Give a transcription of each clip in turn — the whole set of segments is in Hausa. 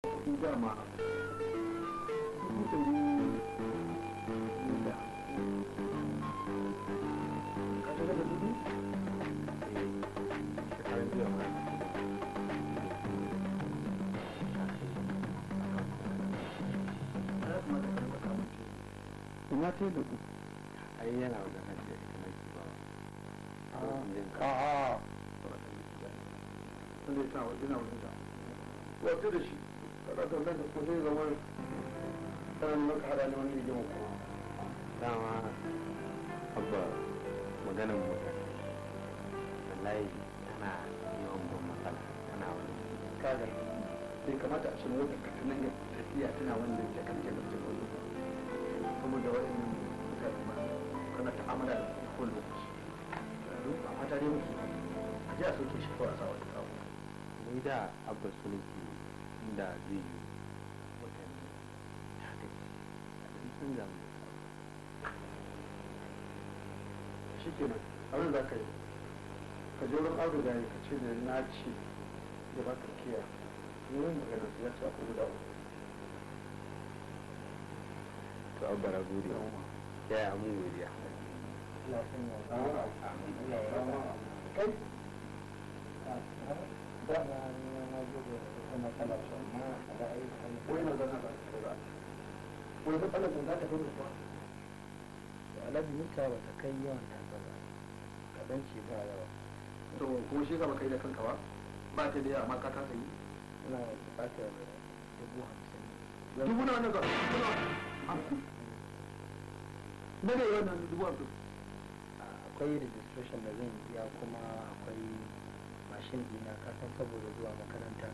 shi dama dubu ɗari da kashe daga ma ina ce na wajen kada ka da ko sai zama kana neman ka hada ne wani rigima kuma dama abba ah. maganar mota wallahi tana yawan ban matsala tana wani kaga bai kamata a ce mota ka ta nan tafiya tana wani da ya kan ke barci ko saboda wa'annan mutane ma kana ta'amala da kowane lokaci ba mata dai mutu a ji a sauke shi ko a sa wani kawo ni da abba su ne inda zai yi watanni haka ce sun zamu shi ke nan abin da ka yi ka je wurin abu da ka ce da na ci da ba ka kiya wurin magana su ya ci a kuma dawo to abara gode ya yi amin godiya kai da na kuma alabi ba ta kai yawan ba yawa to ko shi ba kai da kanka ba ba ta da yawa ka kasa yi ina dubu hamsin dubu na wani yawan nan dubu hamsin akwai registration da zan biya kuma akwai mashin dina kasan saboda zuwa makaranta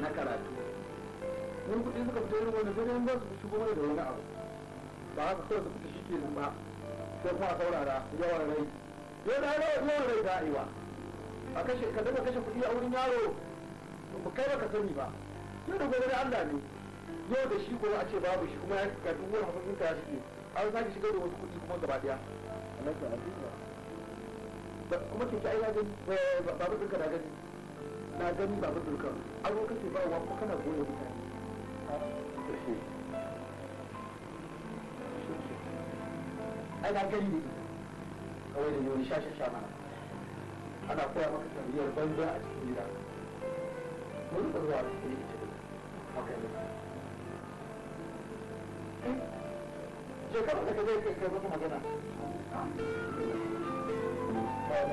na karatu mun kuɗi suka fito irin wanda sai dai ba su shigo da wani abu ba haka kawai su fita shi ke nan ba sai kuma a saurara yawan rai yau da rai yawan rai da aiwa a kashe ka daga kashe kuɗi a wurin yaro ba kai ba ka sani ba yau da gobe da Allah ne yau da shi kuma a ce babu shi kuma ya ga duk wani hafafinka ya shige an sake shigar da wasu kuɗi kuma gaba ɗaya. Allah ya kuma keke ai na gani eh, babu duka na gani na gani babu ɗinka an zo kake bawa kuma kana goyon mutane ai na gani ne kawai da ne wani shashasha mana ana koya maka tarbiyyar banza a cikin gida mun eh, ka zuwa a cikin gida maka yi je ka ba ka zai kai masa magana wani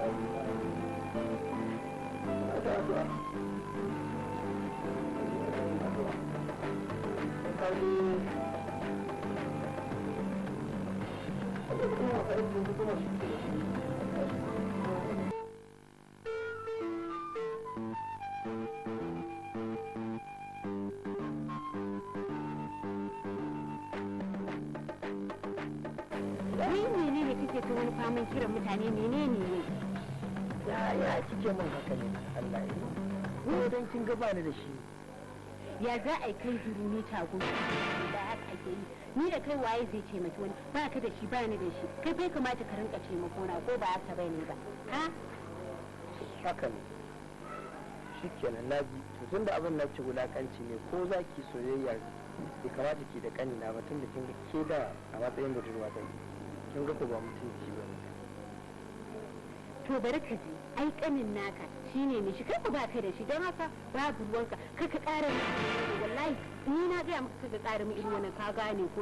faman kiran mutane menene ne ya kike min haka ne Allah ya yi kin gaba ni da shi ya za a yi kai duru ni tago da haka ake yi ni da kai waye zai ce mace wani ba ka da shi ba ni da shi kai bai kamata ka rinka ce makona ko ba haka bai ne ba ha haka ne shi kenan na ji to tun da abin na ci wulakanci ne ko za ki soyayya bai kamata ki da kanina ba tun da kin ke da a matsayin budurwa ta kin ga ko ba mutunci ba to bari ka ji ai kanin naka shine ne shi kai ba ka da shi don haka babu ruwanka ka ka ƙara wallahi ni na gaya maka ka ƙara mu irin wannan ka gane ko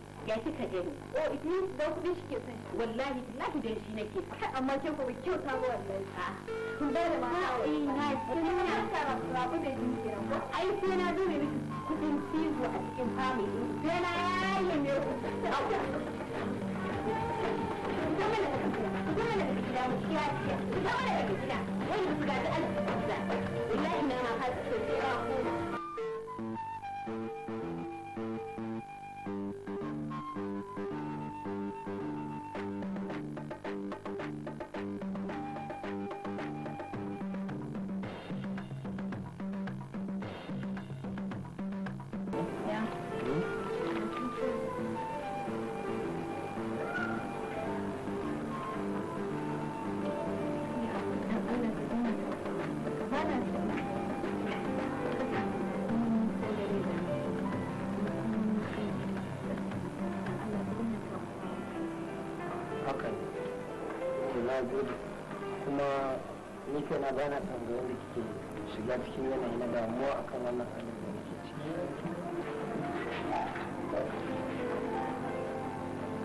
ya kika gani o idris da kudin shi ke son shi wallahi billahi dan shi nake amma kin ko kyau ta ba wallahi kun ba da ma ai na kin na kara rabu da jin kiran ko ai sai na dole kudin cizo a cikin family sai na yayi ne ku zama da kuma da gida mu kiya kiya Kuma da gida wani su ga da alƙur'ani wallahi na ma har sai ba gaskiya na bana son ga wanda kike shiga cikin yanayi na damuwa kan wannan halin da nake ciki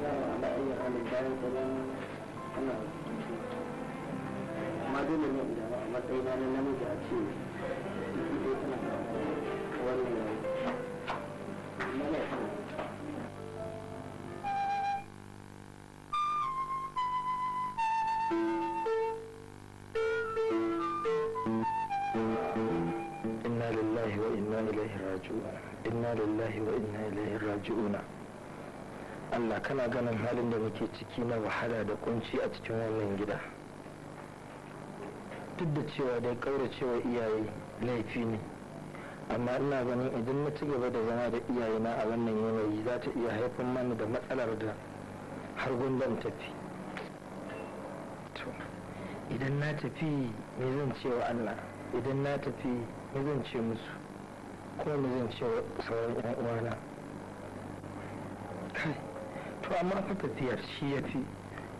ala ayyi halin bayan tsaron ana amma dole ne idan a matsayina na namiji a ce ita tana da inna lillahi wa inna ilaihi raji'una Allah kana ganin halin da muke ciki na wahala da kunci a cikin wannan gida duk da cewa dai kauracewa iyaye laifi ne amma ina ganin idan na ci gaba da zama da iyayena a wannan yanayi za ta iya haifar mana da matsalar da har gundan tafi idan na tafi me zan ce wa Allah idan na tafi me zan ce musu ko mu zan ce sauran ƴan uwana kai to amma fa tafiyar shi ya fi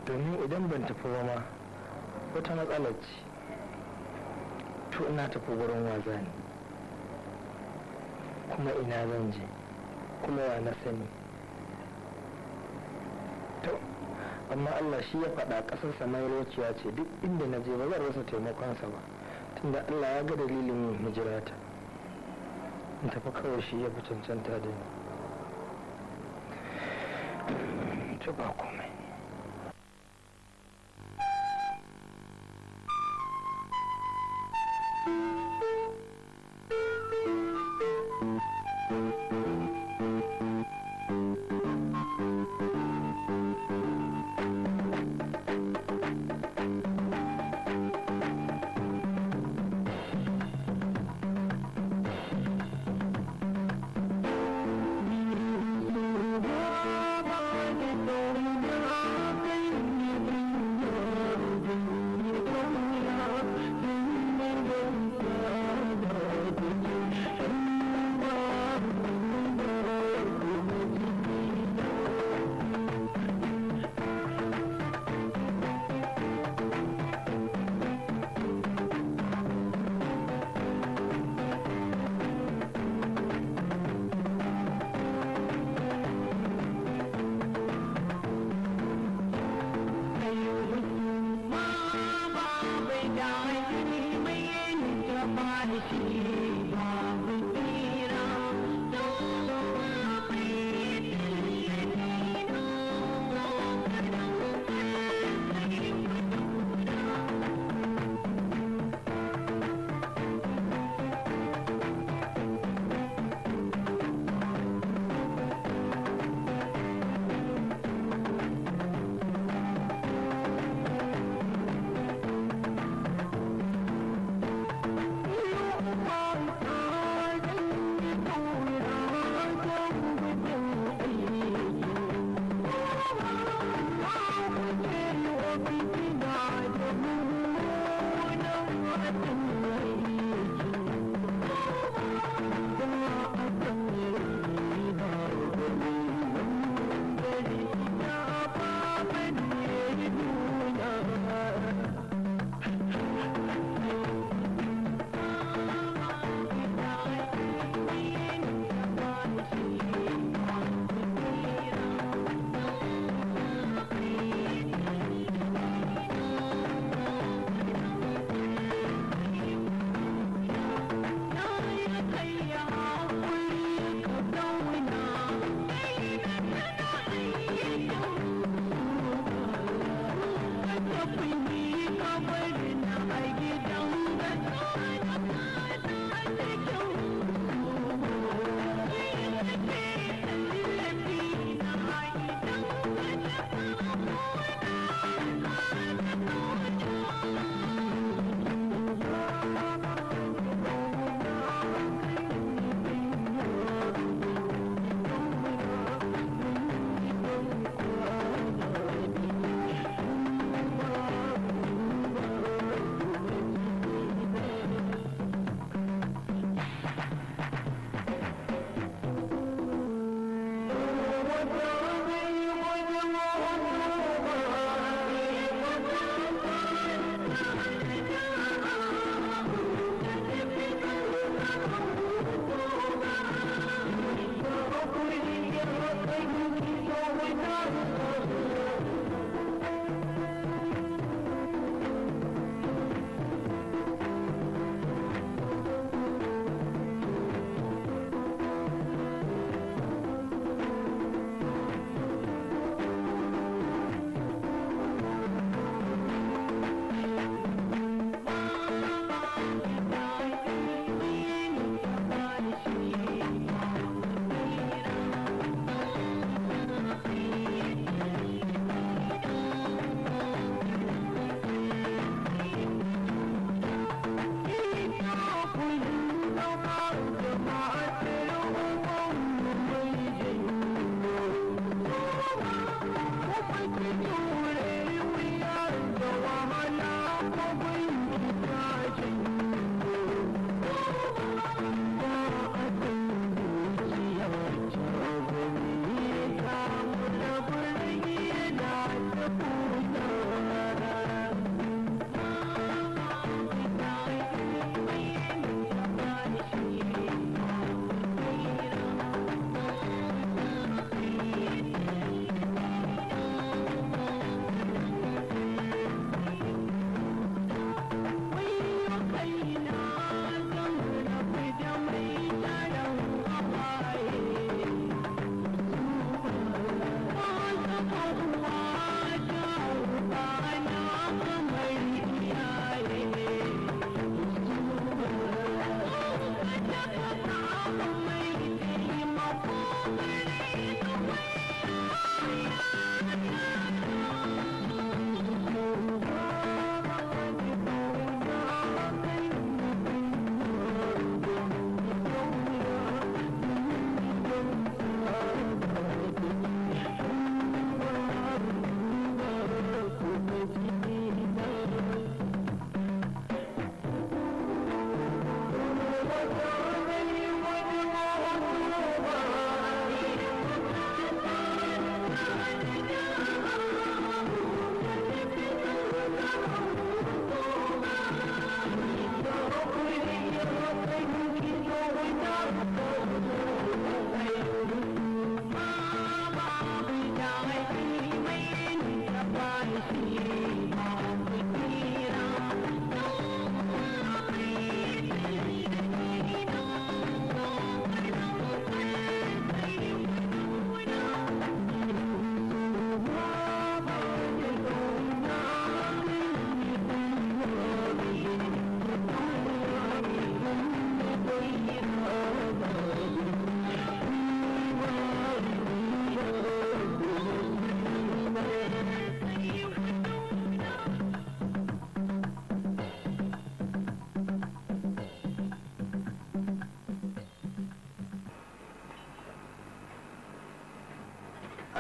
domin idan ban tafi ba ma wata matsala ce to ina tafi wurin waza ne kuma ina zan je kuma wa na sani to amma Allah shi ya faɗa ƙasarsa na ce duk inda na je ba zan rasa taimakonsa ba tunda Allah ya ga dalilin hijirata 你这不可惜，也不真正的，这包 Thank you.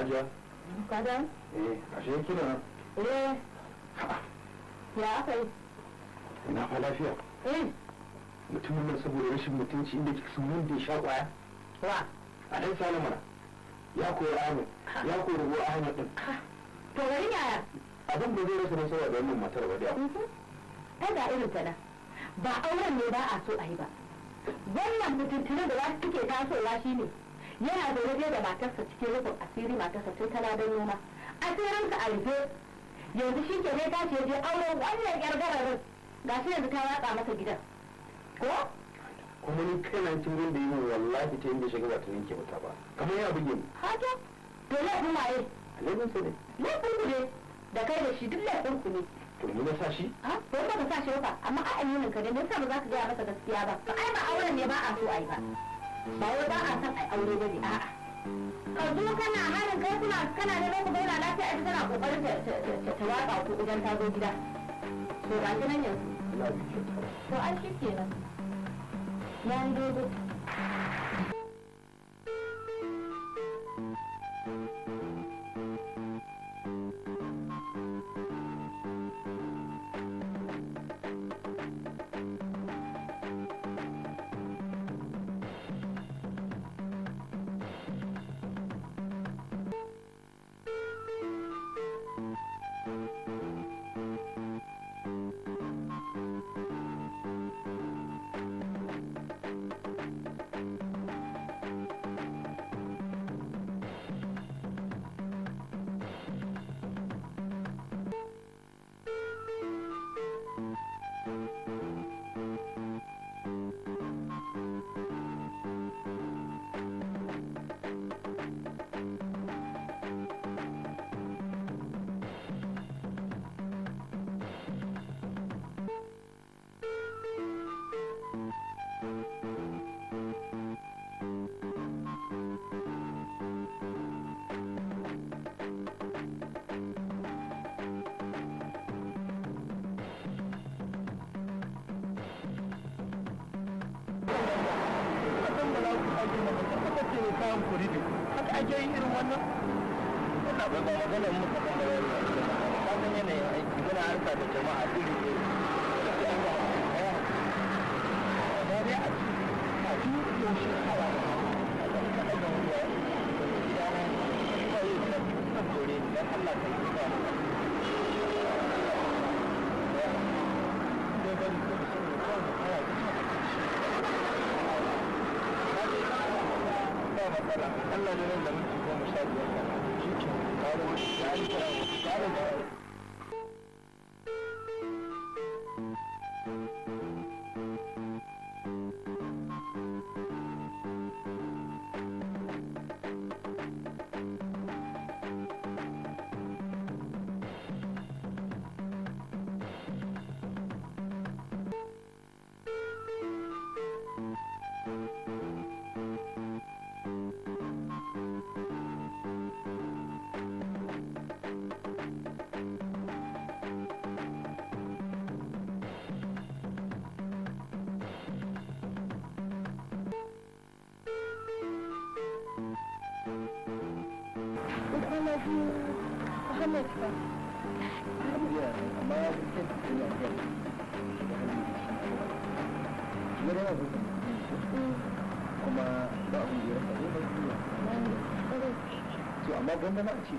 hajiya ka eh ashe kina nan eh ya aka ina fa lafiya eh mutumin nan saboda rashin mutunci inda kika san wanda a dan salamara ya koyi ahmed ya koyi rubo ahmed din to gari yaya abin da zai rasa nasara da wannan matar ba da ta mhm. irin ta ba auren ne ba a so a yi ba wannan mutuntuna da za tasowa shine yana da da matarsa cikin rufin asiri matarsa sai ta don noma asirinka a rufe yanzu shi ke zai tashi yaje aure wannan gargararin ga shi yanzu ta watsa masa gidan ko kuma ni kana cin gun da yi wallahi ta inda shiga ba ta ninke mata ba kamar ya buge mu haka to laifin waye laifin su ne laifin ku ne da kai da shi duk laifin ku ne to ni na sa shi ha ko ba ka sa shi ba amma a ayyukan ka ne me sa ba za ka gaya masa gaskiya ba to ai ba auren ne ba a so ai ba ba wai ba a san ai aure ba ne a'a ka zo kana harin kai kuna kana neman ku zauna lafiya ita tana kokarin ta ta watsa ku idan ta zo gida to ba shi nan yanzu to an shi kenan ya dogo ake da ce ne kayan haka ake yin irin wannan ba ba mu ka kuma yanayin aiki muna harka da jama'a ne a ci a ci Allah ka yi Allah ne da mutum ko musabi ya kama. Shi ke. Tare da shi. Tare da shi. Muhammad Muhammad ba. tafiya da Kuma ba ne ce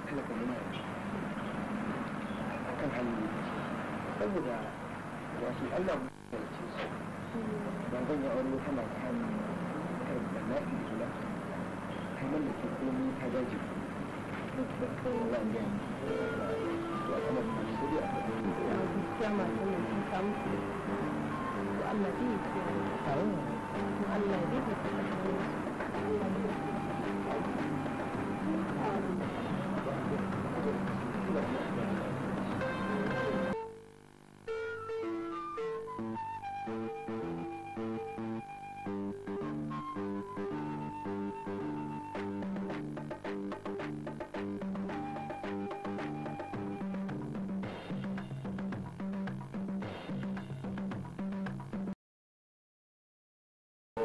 Saboda Allah su. da na kiyama ta ne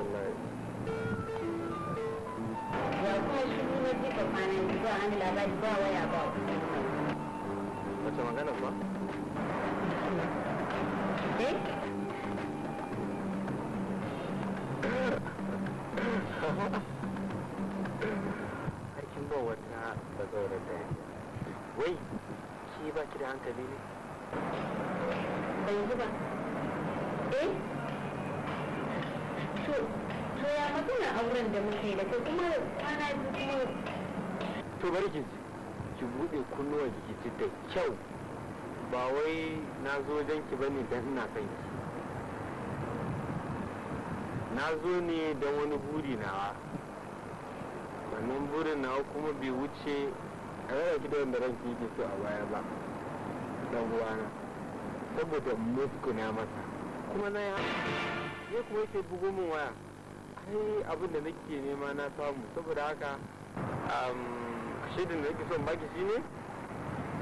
wallahi ya kuma ba waya ba wace magana ba eh aikin ba wata ba zaura da wai ki ba ki da hankali ne ban ba to to ya magana auren da muke da kai kuma kwana biyu to bari ki ki bude kunnuwa ki ji da kyau ba wai na zo wajen ki bane dan ina son ki na zo ne don wani buri nawa wannan burin nawa kuma bai wuce a yara ki da wanda ranki yake so a baya ba dan uwana saboda na masa kuma na ya ya kuma yake bugo min waya ai abin da nake nema na samu saboda haka shaidan da nake son baki shine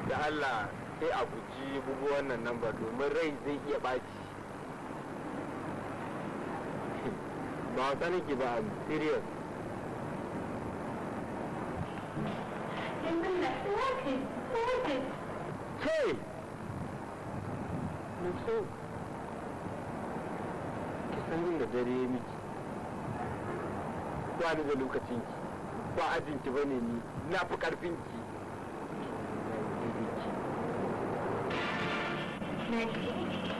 da Allah sai a guji bugu wannan namba domin rai zai iya baki ba wasa nake ba I'm serious Hey! Nufsu, ɗan da dare miki ba ni da lokacin ki ba ajin ki bane ni na fi karfin ki Thank you.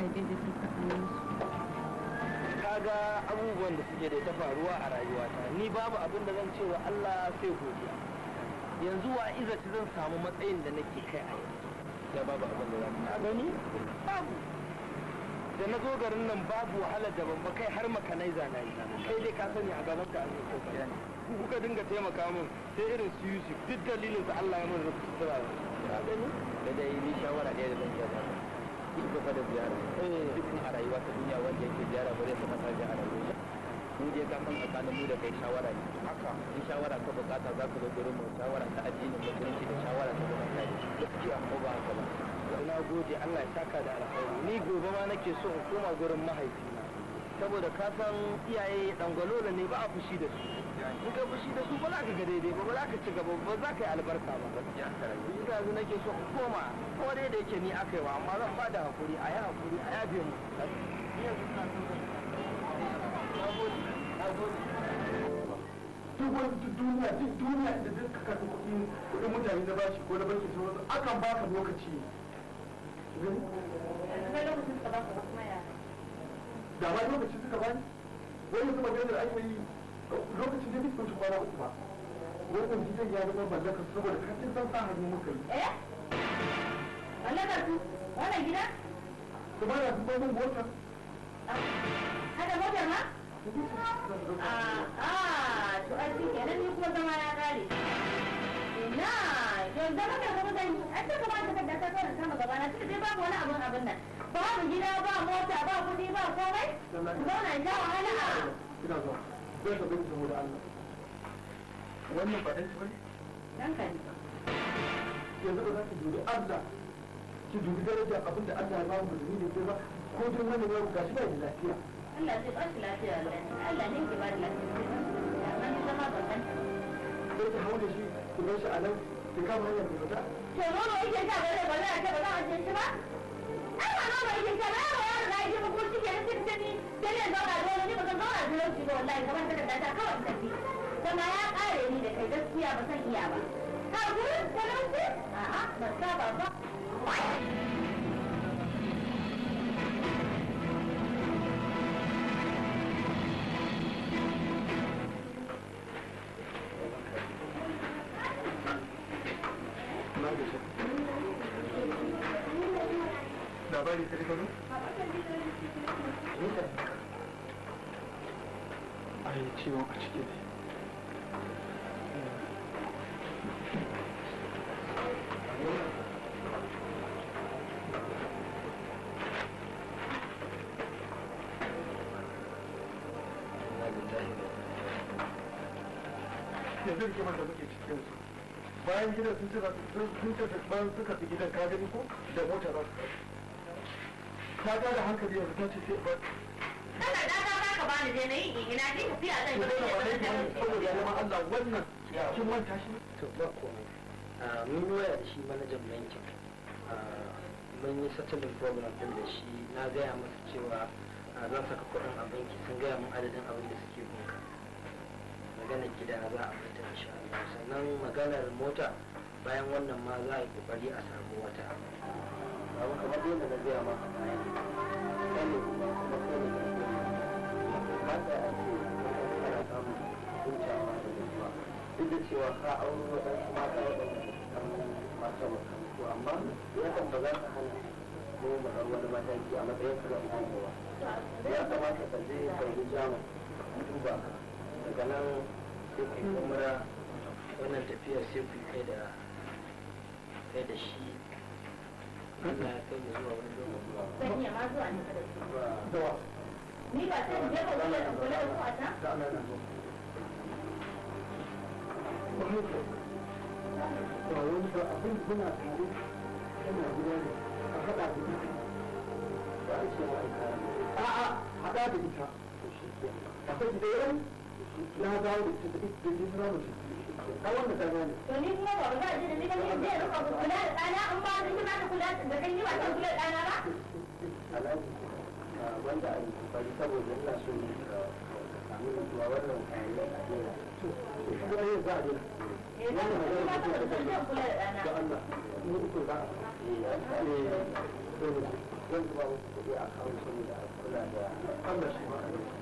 zaɓe da ke su. kaga abubuwan da suke da ta faruwa a rayuwata ni babu abin da zan ce wa Allah sai godiya yanzu wa iza ci zan samu matsayin da nake kai a yanzu da babu abin da zan ka gani babu da na zo garin nan babu wahalar da ban ba kai har makanaiza na yi kai dai ka sani a gaban ka a ko ku kuka dinga taimaka min sai irin su Yusuf duk dalilin sa Allah ya mun rubuta da gani da dai ni shawara da zan iya in da ziyara eh. duk a rayuwa ta duniya wanda yake ziyara ba zai a rayuwa mu je ka san tsakanin mu da kai shawara ne haka in shawara ka bukata za ka zo gurin mu shawara ta addini da shawara ta bukata ne ko ba haka ba na gode Allah ya saka da alkhairi ni gobe ma nake so in koma gurin mahaifina saboda ka san iyaye dangwalola ne ba a fushi da su in ka fushi da su ba za ka ga daidai ba ba za ka ci gaba ba za ka yi albarka ba ni ga yanzu nake so in koma ko dai da yake ni aka yi wa amma zan ba da hakuri a yi hakuri a yabe mu duk wani duniya duk duniya da duk ka karɓi kuɗin kuɗin mutane na bashi ko na banki sun wasu akan baka lokaci da ba lokaci suka bani wani kuma Da ake yi lokacin da bai kwanci kwana uku ba wannan gidan ya zama mallakar saboda kafin san sa hannu muka yi eh mallakar su wannan gidan kuma da kuma mun motar kada ah, motar ma a ah, ah, to a shi kenan ni kuma zama ya kare ina yanzu zama da kuma zan an ta kamata ta dasa ta kama gaba na tunda dai babu wani abun abin nan babu gida ba mota ba kuɗi ba komai zauna ja wahala a ina zuwa zai ka bin saboda Allah wannan ba danki bane danka ne yanzu ba za ki dubi Allah ki dubi daraja abin da Allah ya ba mu da ke ba ko duk wanda ya ga shi ba da lafiya Allah zai ba shi lafiya Allah ne ke ba da lafiya amma ni zama ban ban sai ki haure shi ki bar shi a nan ki kama hanyar ki fita to nono yake ta bare bare a ce ba za a je shi ba ai ba nono yake ta ba ba yaro da yake ba ko shi ke da sai ni dole ne zauna da wani ba zan zauna da wani ba wallahi kamar da ta kawai tafi zama ya kare ni da kai gaskiya ba san iya ba. Ka gurin talauci? A'a, ba saba ba. da da muke cikin su bayan gidan sun da za su ba ni na yi ina ji ba ya zama Allah shi ah, mun waya da shi manajan bankin ah, mun yi settlement program da shi na gaya masa cewa ah, zan saka kuɗin a banki sun gaya mun adadin abin da suke kuma maganar gida za a fita insha Allah sannan maganar mota bayan wannan ma za a yi kokari a samu wata abu kamar yadda na zai maka bayan kan ne kuma kuma kai ne ba ta a ce kana samun hutawa da mutuwa duk da cewa ka auri waɗansu mata waɗansu mata makarantu amma yakan ba za ka hana ko ma'ar wani mataki a matsayin ka zai kowa ya kamata ka je ka yi jami'a duba daga nan ko ku wannan tafiyar sai ku kai da kai da shi Allah kai mu zuwa wani lokaci ma zuwa ne ni ba sai je ba wani ba abin kuna tare gida ne a da ba a ce wa da ita na dawo da ita da ni na mace a wannan ta gane ni kuma ba za ji da ni kan yin zai kula da ɗana an ba ni yi ba kula da ɗana ba alhaji wanda a yi bari saboda ina so ne ka samu mutuwa wannan kayan da ake yi shi ne za a yi eh za a yi kula da ɗana da Allah ni ko ba eh, eh zan ba ku da Allah ma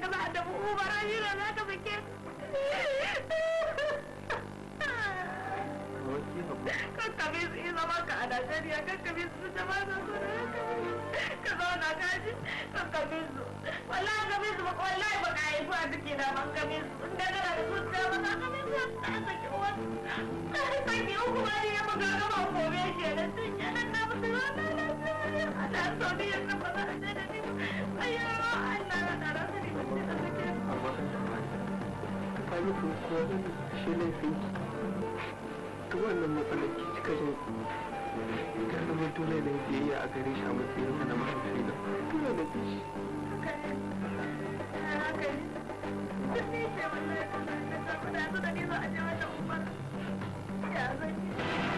ka ba da buhu ba rahira za ka sake kakkabi su yi zama ka a Najeriya kakkabi su da ba sa so ka zauna ka ji kakkabi su wallahi kakkabi su ba wallahi ba ka haifu a duke da ban kakkabi su in da kana da zuciya ba za ka bi su ta saki uwar saki uku ba ne ya buga gaba gobe shi da tun yana na mutu ba na na na na na na na na na na na na na na na na miki ko shi laifin ta wannan matsalar ki cika jin ta zama dole da biyayya a gare shi a matsayin na mahaifi na dole da bi shi Ya zai